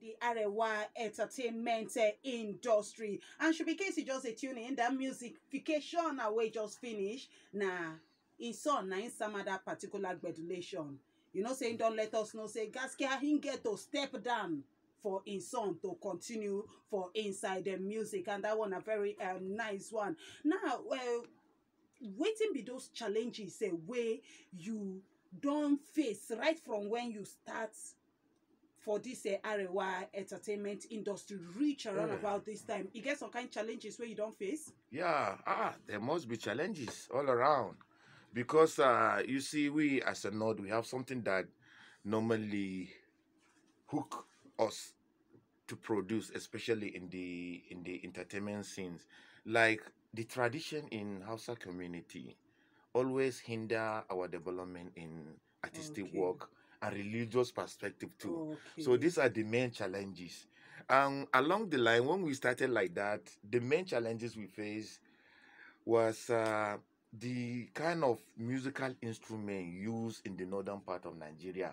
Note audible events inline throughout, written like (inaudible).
the Arewa entertainment eh, industry. And should be case you just a tune in that musicification away just finish. Nah, in e son na in some other particular graduation. You know saying don't let us know say Gaskia him get to step down for in song to continue for inside the music and that one a very uh, nice one. Now well waiting be those challenges a eh, way you don't face right from when you start for this uh, Arewa entertainment industry reach around mm. about this time? You get some kind of challenges where you don't face? Yeah, ah, there must be challenges all around. Because uh, you see, we as a nod, we have something that normally hook us to produce, especially in the in the entertainment scenes. Like the tradition in Hausa community always hinder our development in artistic okay. work a religious perspective too. Okay. So these are the main challenges. And along the line, when we started like that, the main challenges we faced was uh, the kind of musical instrument used in the northern part of Nigeria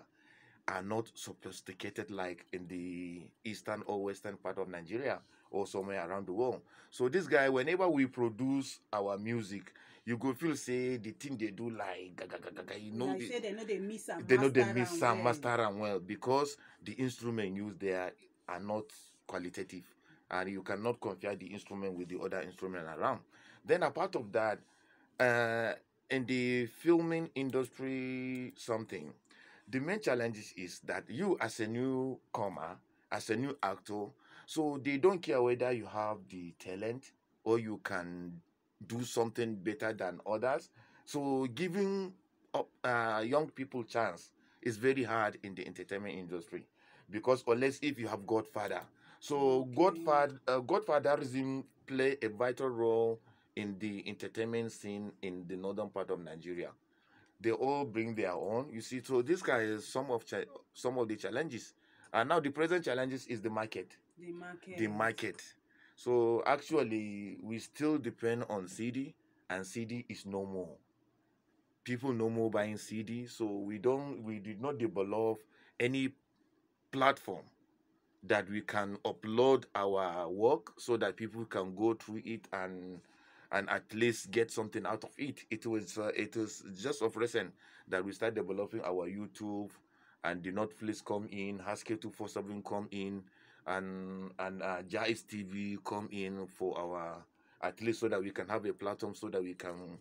are not sophisticated like in the eastern or western part of Nigeria or somewhere around the world. So this guy, whenever we produce our music, you go feel say the thing they do like gaga, gaga, gaga, you know like say they know they miss some they know they miss some master and well because the instrument used there are not qualitative and you cannot compare the instrument with the other instrument around then a part of that uh, in the filming industry something the main challenge is that you as a newcomer as a new actor so they don't care whether you have the talent or you can do something better than others. So giving up uh, young people chance is very hard in the entertainment industry because unless if you have Godfather. So Godfather uh, Godfatherism play a vital role in the entertainment scene in the northern part of Nigeria. They all bring their own. You see, so this guy is some of some of the challenges. And now the present challenges is the market. The market. The market. So actually, we still depend on CD, and CD is no more. People no more buying CD, so we don't we did not develop any platform that we can upload our work so that people can go through it and and at least get something out of it. It was uh, it was just of recent that we started developing our YouTube and the Netflix come in, Haskell 247 come in, and and uh, Jais TV come in for our at least so that we can have a platform so that we can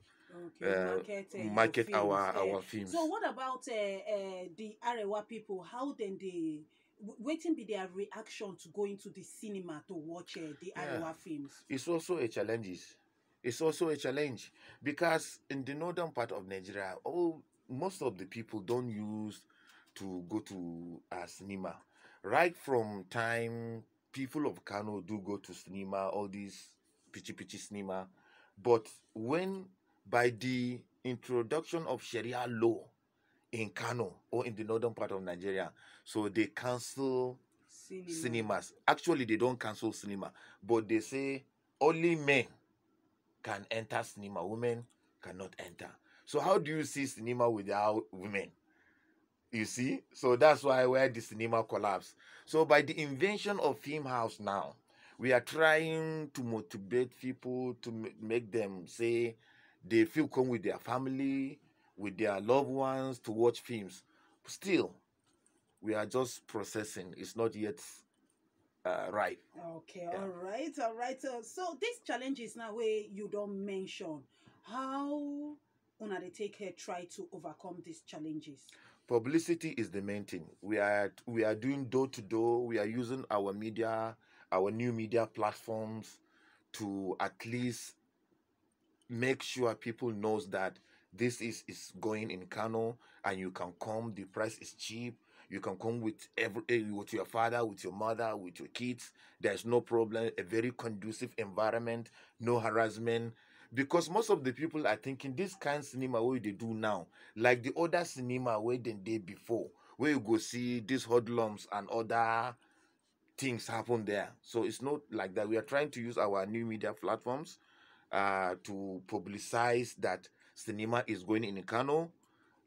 okay, uh, market, uh, market films, our our uh, films. So what about uh, uh, the Arewa people? How then they waiting be their reaction to going to the cinema to watch the yeah. Arewa films? It's also a challenge. It's also a challenge because in the northern part of Nigeria, all most of the people don't use to go to a cinema right from time people of Kano do go to cinema, all these pitchy pitchy cinema. But when by the introduction of Sharia law in Kano or in the northern part of Nigeria, so they cancel cinema. cinemas. Actually, they don't cancel cinema, but they say only men can enter cinema, women cannot enter. So how do you see cinema without women? You see? So that's why where the cinema collapsed. So by the invention of Film House now, we are trying to motivate people to make them say they feel come with their family, with their loved ones to watch films. Still, we are just processing. It's not yet uh, right. Okay, yeah. all right, all right. Uh, so challenge is now where you don't mention how una they take her try to overcome these challenges? Publicity is the main thing. We are we are doing door to door. We are using our media, our new media platforms, to at least make sure people knows that this is is going in Kano and you can come. The price is cheap. You can come with every eh, with your father, with your mother, with your kids. There's no problem. A very conducive environment, no harassment because most of the people are thinking this kind of cinema way they do now like the other cinema where they did before where you go see these hoodlums and other things happen there so it's not like that we are trying to use our new media platforms uh, to publicize that cinema is going in a Kano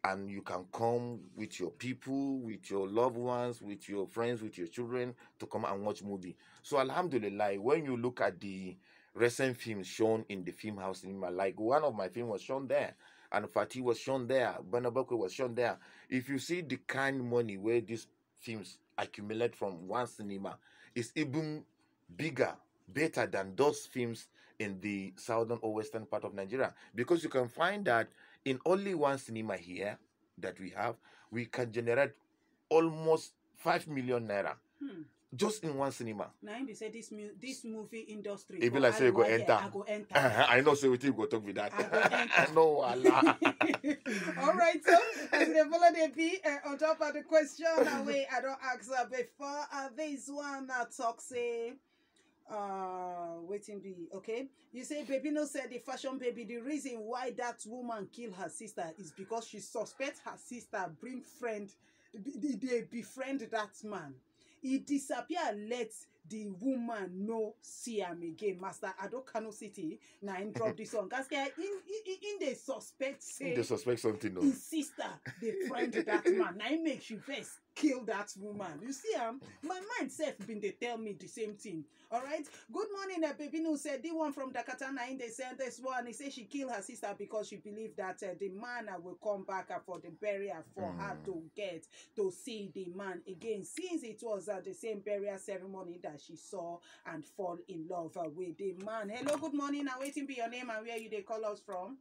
and you can come with your people with your loved ones with your friends with your children to come and watch movie so alhamdulillah when you look at the recent films shown in the film house cinema. Like one of my film was shown there, and Fatih was shown there, Banabakwe was shown there. If you see the kind money where these films accumulate from one cinema, it's even bigger, better than those films in the southern or western part of Nigeria. Because you can find that in only one cinema here that we have, we can generate almost 5 million naira. Hmm just in one cinema. Now they say this mu- this movie industry. If like say you go enter, I go enter. (laughs) I know so we you go talk with that. I know, (laughs) Allah. (laughs) All right, so as the follow they be uh, on top of the question away, I don't ask uh, before uh, this one that uh, talk say. Uh, waiting be okay. You say baby no said the fashion baby. The reason why that woman killed her sister is because she suspects her sister bring friend. They befriend that man. He disappear let the woman no see am again. Master Adokano City na him drop this song. Gaskia in in dey suspect say. They suspect something o. His sister dey friend that man na him make she vex kill that woman you see am um, my mind sef Been they tell me the same thing alright good morning eh, baby. No, said eh, the one from dakata na they dey this one he say she killed her sister because she believed that uh, the man will come back for the burial for mm. her to get to see the man again since it was uh, the same burial ceremony that she saw and fall in love uh, with the man hello good morning na waiting for your name and where you they call us from.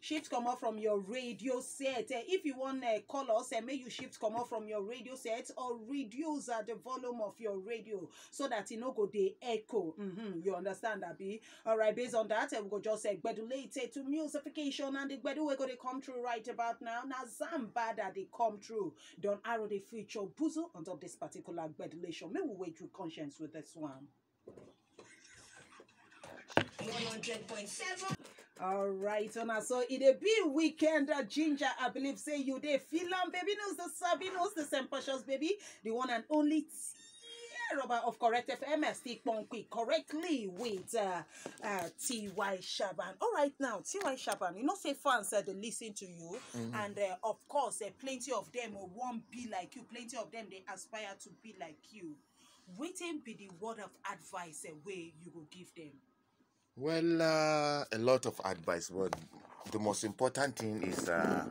shift off from your radio set eh, if you wan eh, call us eh, make you shift off from your radio set or reduce uh, the volume of your radio so that you no go the echo mm-hmm, you understand abi alright based on that we go just gbedulate to musification and the gbedu we go to come through right about now na zambada they come through not arrow the future puzzle on top this particular gbedulation May we wait you conscience with this one. 100.7 all right, Ona. So it a big weekend, uh, Ginger. I believe say you they feel on baby knows the Sabi knows the Sempashas baby, the one and only Robert of Correct FM Stick quick, correctly with uh, uh, T.Y. Shaban. All right, now, T.Y. Shaban, you know, say fans uh, they listen to you, mm -hmm. and uh, of course, uh, plenty of them uh, won't be like you, plenty of them they aspire to be like you. Waiting be the word of advice uh, way you will give them. Well, uh, a lot of advice, but the most important thing is uh,